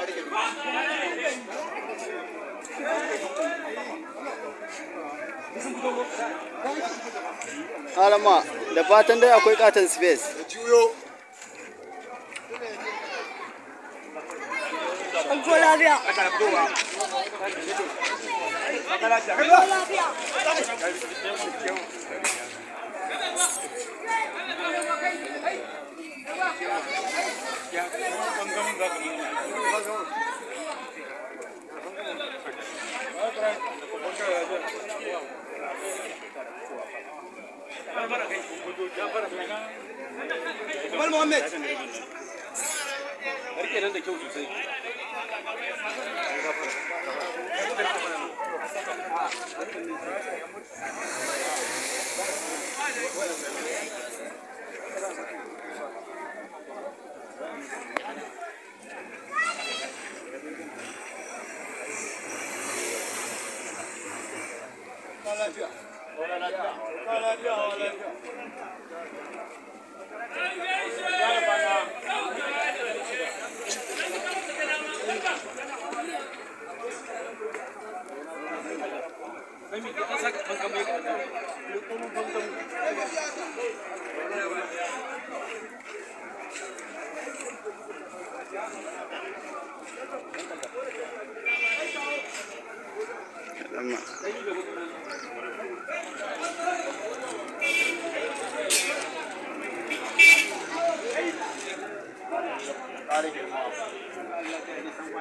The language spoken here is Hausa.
Alama, da fatan dai akwai katon space. Yeah. Umar Muhammad. Harke nan da kyau sosai. Thank you. lafiya hawa lafiya hawa Out of